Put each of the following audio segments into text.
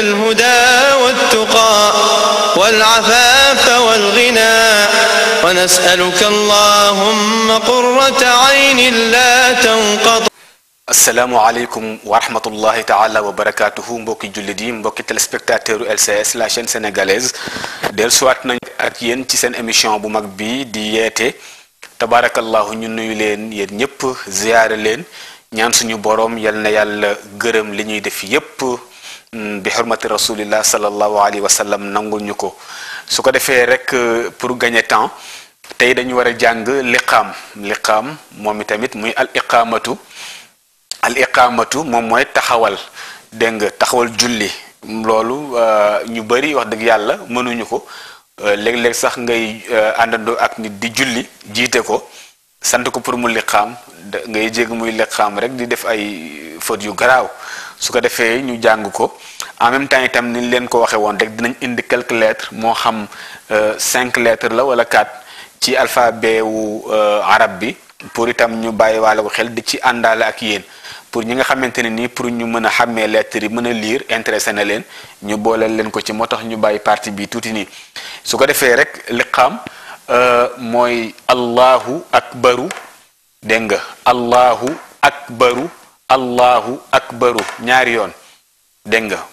الهدى والتقى والعفاف والغنى ونسألك اللهم قرة عين لا تنقطع السلام عليكم ورحمة الله تعالى وبركاته مبكي جلدي مبكي تلسبكتاتر LCS لا شن سنغاليز دير سواتنا أكيان تسن أميشان بمكبي دياتي تبارك الله نيو لين ير نيب زيار لين ñaan suñu borom yalna yalla gëreum liñuy def yépp Mm, bi xurmati rasulillah sallallahu alayhi wa sallam nangul ñu ko su ko defee rek euh, pour gagner temps tey dañu war a jàng liqaam liqaam moom itamit muy al iqaamatu al iqaamatu moom mooy taxawal dégg nga taxawal julli loolu euh, ñu bëri wax dëgg yàlla mënuñu ko euh, léeg-léeg sax ngay àndandoo ak nit di julli jiite ko sant ko pour mu liqaam ngay jégg muy liqaam rek di def ay faute yu garaaw su ko defee ñu jàng ko en même temps itam ni leen ko waxee woon rek dinañ indi quelques lettres moo xam euh, cinq lettres la wala quatre ci alphabet wu euh, arab bi pour itam ñu bàyyi waale ko xel di ci àndaale ak yéen pour ñi nga xamante ne nii pour ñu mën a xàmmee lettres yi mën a liir intéressé na leen ñu booleel leen ko ci moo tax ñu bàyyi partie bi tuuti nii su ko defee rek liqaam euh, mooy allahu akbaru dégg nga allahu akbaru allahu akbaru ñaari yoon dégg nga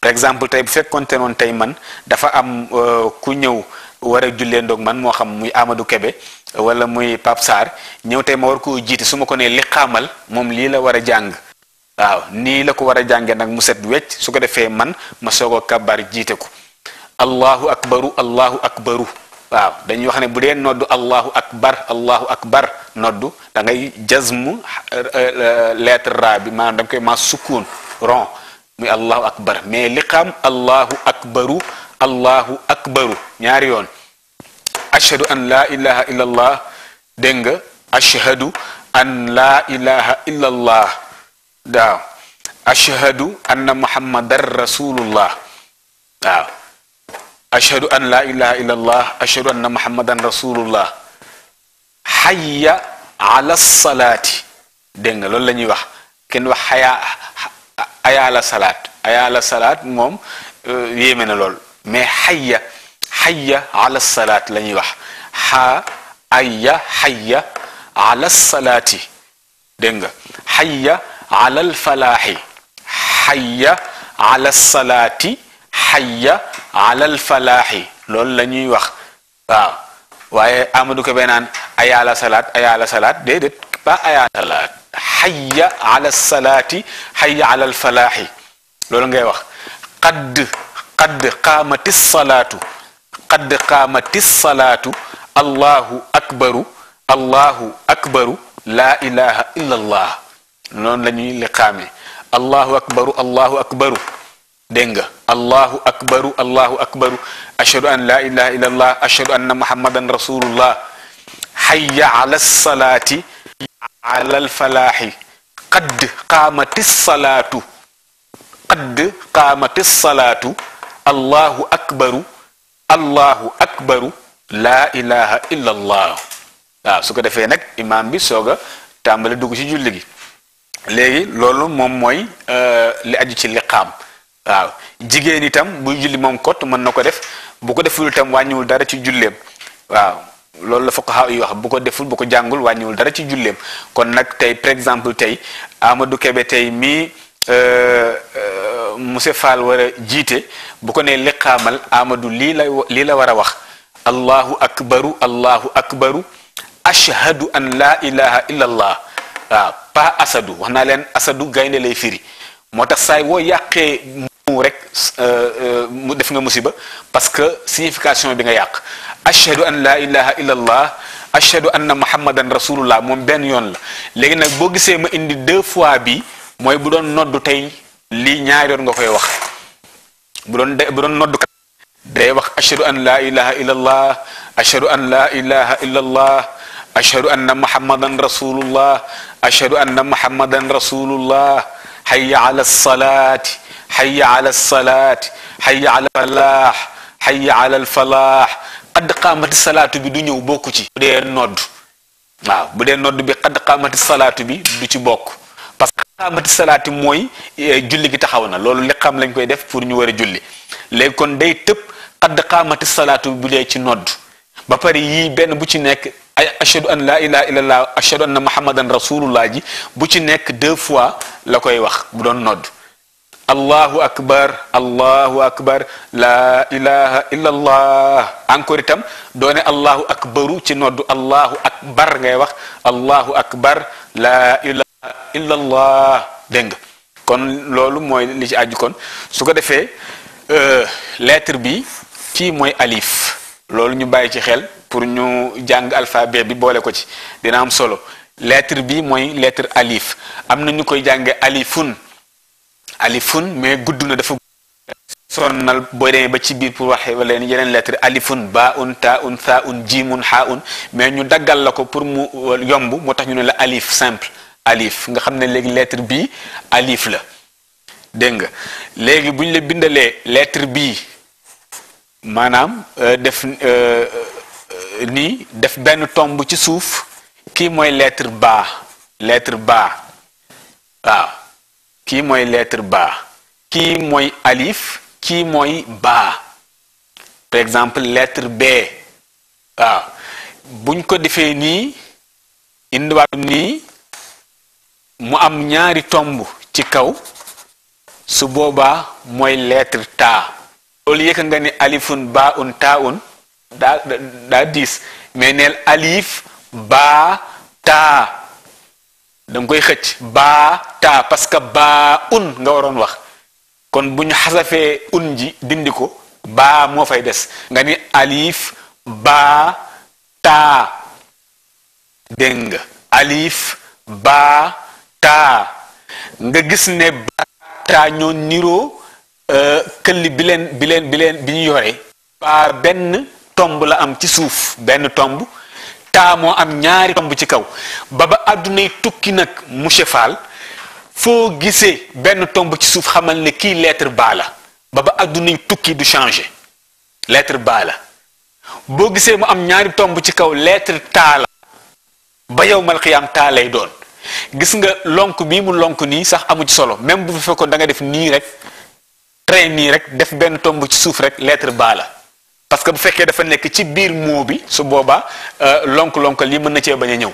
par exemple tey bu fekkonte noon tey man dafa am euh, ku ñëw war a jullee ndoog man moo xam muy Amadou Kebe wala muy Pape ñëw tey ma war koo jiite su ma ko nee li xaamal moom lii la war a jàng waaw nii la ko war a jàngee nag mu set wecc su ko defee man ma soog a kabar jiite ko allahu akbaru allahu akbaru waaw dañuy wax ne bu dee noddu allahu akbar allahu akbar noddu da ngay jazmu euh, euh, lettre ra bi koy ma sukkoon ron muy allahu akbar mais liqaam allahu akbaru ñaari yoon ashhadu an laa ilaha illa allah dégg nga ashhadu an muhammadan rasulullah ashhadu an la ilaha illa allah ashhadu anna muhammadan rasulullah xayya ala salaati dégg nga loolu la ñuy wax kenn wax xayaa ayaala salaat ayaala salaat moom euh, yéeme na lool mais xayya xayya ala salaat la ñuy wax xaa ayya xayya ala salaati dégg nga xayya ala alfalaaxi xayya ala salaati حي على الفلاح لول لا نيو واخ واه واي امدو كو بنان ايا لا صلاه ايا لا صلاه ديدت با ايا لا حي على الصلاه حي على الفلاح لول غاي واخ قد قد قامت الصلاه قد قامت الصلاه الله اكبر الله اكبر لا اله الا الله نون لا نيو لقامي الله اكبر الله اكبر, الله أكبر دنگا الله أكبر الله أكبر أشهد أن لا إله إلا الله أشهد أن محمدا رسول الله حي على الصلاة على الفلاح قد قامت الصلاة قد قامت الصلاة الله أكبر الله أكبر لا إله إلا الله سوكا دفينك إمام بي سوغا تعمل دوغشي جولي لغي لولو مموي لأجيش اللقام لغي waaw jigéen itam buy julli moom kot mën na ko def bu ko deful itam wàññiwul dara ci julleem waaw loolu la fuqaha yi wax bu ko deful bu ko jàngul wàññiwul dara ci julleem kon nag tey par exemple tey Amadou Kébé tey mii euh, euh, monsieur Fall war a jiite bu ko nee liqaamal Amadou lii la lii la war a wax allahu akbaru allahu akbaru ashhadu an la ilaha illa allah waaw pa asadu wax naa leen asadu gaynde lay firi moo tax saay woo yàqee rek mu def nga musiba parce que signification bi nga yàq ashhadu an la ilaha illallah ashhadu anna muhammadan rasulullah moom benn yoon la léegi nag boo gisee ma indi deux fois bi mooy bu doon noddu tey lii ñaari yoon nga koy wax bu doon bu doon noddu kat day wax ashhadu an la ilaha illallah ashhadu an la ilaha illallah ashhadu anna muhammadan rasulullah ashhadu anna muhammadan rasulullah hayya ala salaati xayya ala salaati xayya ala falaax xayya ala alfalaax xadd qaamati salaatu bi du ñëw bokku ci bu dee nodd waaw bu dee nodd bi xadd qaamati salaatu bi du ci bokk parce que qaamati salaati mooy eh, julli gi taxaw na loolu liqaam lañ koy def pour ñu war a julli léegi kon day tëb xadd qaamati salaatu bi bu dee ci nodd ba pare yii benn bu ci nekk ay ashadu an laa ilaha illallah ashadu anna muhammadan rasulullah ji bu ci nekk deux fois la koy wax bu doon nodd allahu akbar allahu akbar la ilaha illallah encore itam doone allahu akbaru ci noddu allahu akbar ngay wax allahu akbar la ilaha illallah dégg nga kon loolu mooy li ci aju kon su ko defee lettre bi kii mooy alif loolu ñu bàyyi ci xel pour ñu jàng alphabet bi boole ko ci dina am solo lettre bi mooy lettre alif am na ñu koy jànge alifun alifun mais gudd na dafa sonnal booy demee ba ci biir pour waxe leen yeneen lettre alifun ba un ta un tha un jimun ha un mais ñu daggal la ko pour mu yomb moo tax ñu ne la alif simple alif nga xam ne léegi lettre bi alif la dégg nga léegi bu ñu la bindalee lettre bi maanaam euh, def euh, euh, nii def benn tomb ci suuf kii mooy lettre ba lettre ba waaw kii mooy lettre ba kii mooy alif kii mooy ba par exemple lettre b buñ ko defee nii indiwaat nii mu am ñaari tomb ci kaw su boobaa mooy lettre ta loolu yëkka nga ni alifun ba un ta un daa daa diis neel alif ba ta danga koy xëcc baa taa parce que baa un nga waroon wax kon bu ñu xasafee un ji dindi ko baa moo fay des nga ni alif baa taa dégg nga alif baa taa nga gis ne baa taa ñoo niroo euh, këlli bi leen bi leen bi ñu yore baa benn tomb la am ci suuf benn tomb taamoo am ñaari tomb ci kaw ba ba àddunay tukki nag monsieur Fall foo gisee benn tomb ci suuf xamal ne kii lettre ba ba ba àddunay tukki du changé lettre ba la boo gisee mu am ñaari tomb ci kaw lettre taa la ba yow mal xiyaam taa doon gis nga lonk bii mu lonk nii sax amu ci solo même bu fekkoon da nga def nii rek train nii rek def benn tomb ci suuf rek lettre ba la parce que bu fekkee dafa nekk ci biir moo bi su boobaa euh, lonk-lonk lii mën na cee bañ a ñëw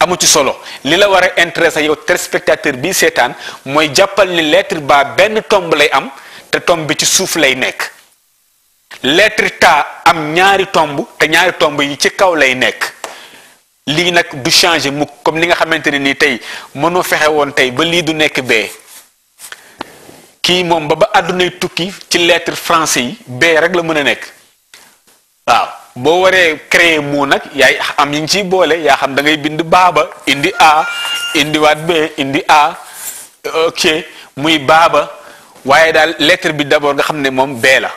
amu ci solo li la war a intéressé yow téléspectateur bi seetaan mooy jàppal ni lettre ba benn tomb lay am te tomb bi ci suuf lay nekk lettre ta am ñaari tomb ñaari tomb yi ci kaw lay nekk lii nag du changé mukk comme ni nga xamante ne nii tey mënoo fexe woon tey ba lii du nekk bee kii moom ba ba àdduna àddunay tukki ci lettre francais yi bee rek la mën a nekk waaw boo waree créer mu nag yaay am yi ngi ciy boole yaa xam ne dangay bind baaba indi a indi waat b indi a ok muy baaba waaye daal lettre bi d'abord nga xam ne moom bee la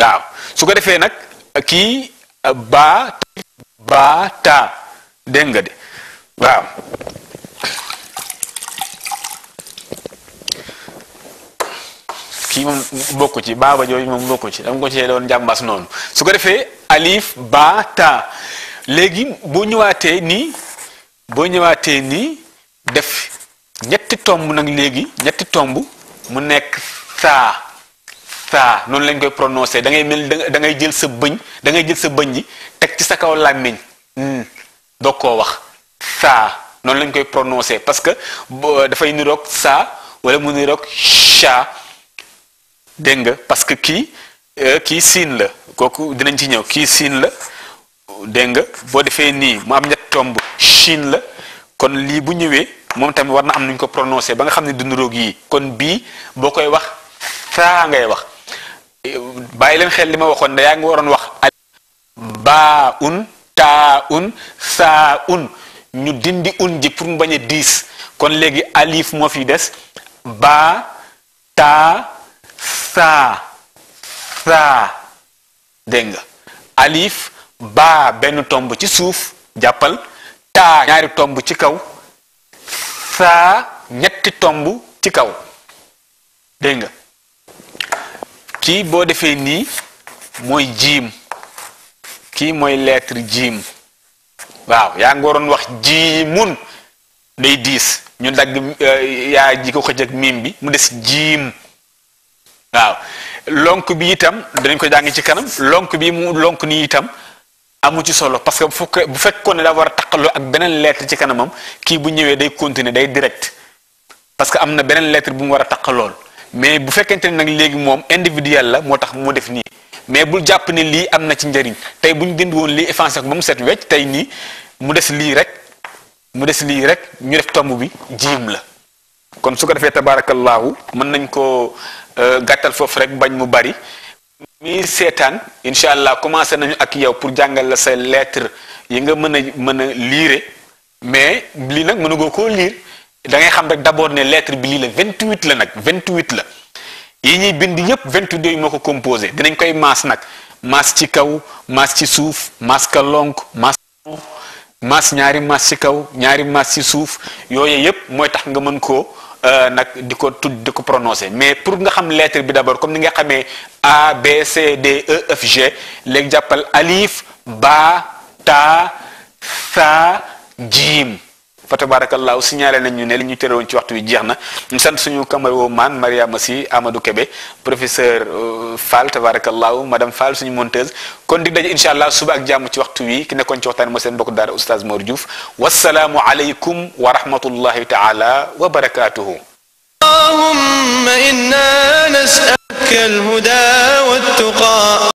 waaw su ko defee nag kii baa baa taa dégg nga de waaw kii moom bokku ci baaba jooju moom bokku ci dama ko cee doon jàmbaas noonu su ko defee alif ba ta léegi boo ñëwaatee nii boo ñëwaatee nii def ñetti tomb nag léegi ñetti tomb mu nekk saa saa noonu lañ koy prononcé da ngay mel da ngay jël sa bëñ da ngay jël sa bëñ ji teg ci sa kaw làmmiñ hmm. doog koo wax saa noonu lañ koy prononcé parce que dafay niroog saa wala mu niroog sha dégg nga parce que kii euh, kii siin la kooku dinañ ci ñëw kii siin la dégg nga boo defee nii mu am ñett tomb chine la kon lii bu ñëwee moom tamit war na am nuñ ko prononcé ba nga xam ne du niroog yii kon bii boo koy wax saa ngay wax bàyyi leen xel li ma waxoon da yaa ngi waroon wax al baa un taa un saa un ñu dindi un ji pour mu bañ diis kon léegi alif moo fi des baa taa saa saa dégg nga alif baa benn tomb ci suuf jàppal taa ñaari tomb ci kaw saa ñetti tomb ci kaw dégg nga kii boo defee nii mooy jiim kii mooy lettre jiim waaw yaa ngi wax jiimun day diis ñu dagg euh, yaa ji ko ak miim bi mu des jiim waaw lonk bi itam dañ ko jàng ci kanam lonk bi mu lonk nii itam amu ci solo parce que bu fekkee bu fekkoon ne daa war a taqaloo ak beneen lettre ci kanamam kii bu ñëwee day continuer day direct parce que am na beneen lettre bu mu war a taqalool mais bu fekkente ne nag léegi moom individuel la moo tax mu def nii mais bu jàpp ne lii am na ci njëriñ tey bu ñu dindi woon lii effacé ko ba mu set wecc tey nii mu des lii rek mu des lii rek ñu def tomb bi jiim la. kon su ko defee tabaarakallaahu mën nañ ko euh, gàttal foofu rek bañ mu bari mi seetaan incha allah commencé nañu ak yow pour jàngal la sa lettre yi nga mën a mën a liire mais lii nag mënugoo koo liir da ngay xam rek d'abord ne lettre bi lii vingt 28 la nag 28 la yi ñuy bind yépp 28 yooyu moo ko composé dinañ koy maas nag maas ci kaw maas ci suuf maas ka lonk maas maas ñaari maas ci kaw ñaari maas ci suuf yooyu yépp mooy tax nga mën koo Euh, nag di ko tudd di ko prononcé mais pour nga xam lettre bi d'abord comme ni nga xamee A B C D E F G léegi jàppal ba ta sa jiim fa tabaarakallaahu signalé nañ ñu ne li ñu tëroon ci waxtu bi jeex na ñu sant suñu camaro man Mariama Si Amadou Kébé professeur Fall tabaarakallaahu madame Fall suñu monteuse kon dig daje incha allah suba ak jàmm ci waxtu wi ki nekkoon ci waxtaan moo seen mbokk daara oustaz Mor Diouf wasalaamu aleykum wa rahmatullahi taala wa barakaatuhu اللهم إنا نسألك الهدى والتقى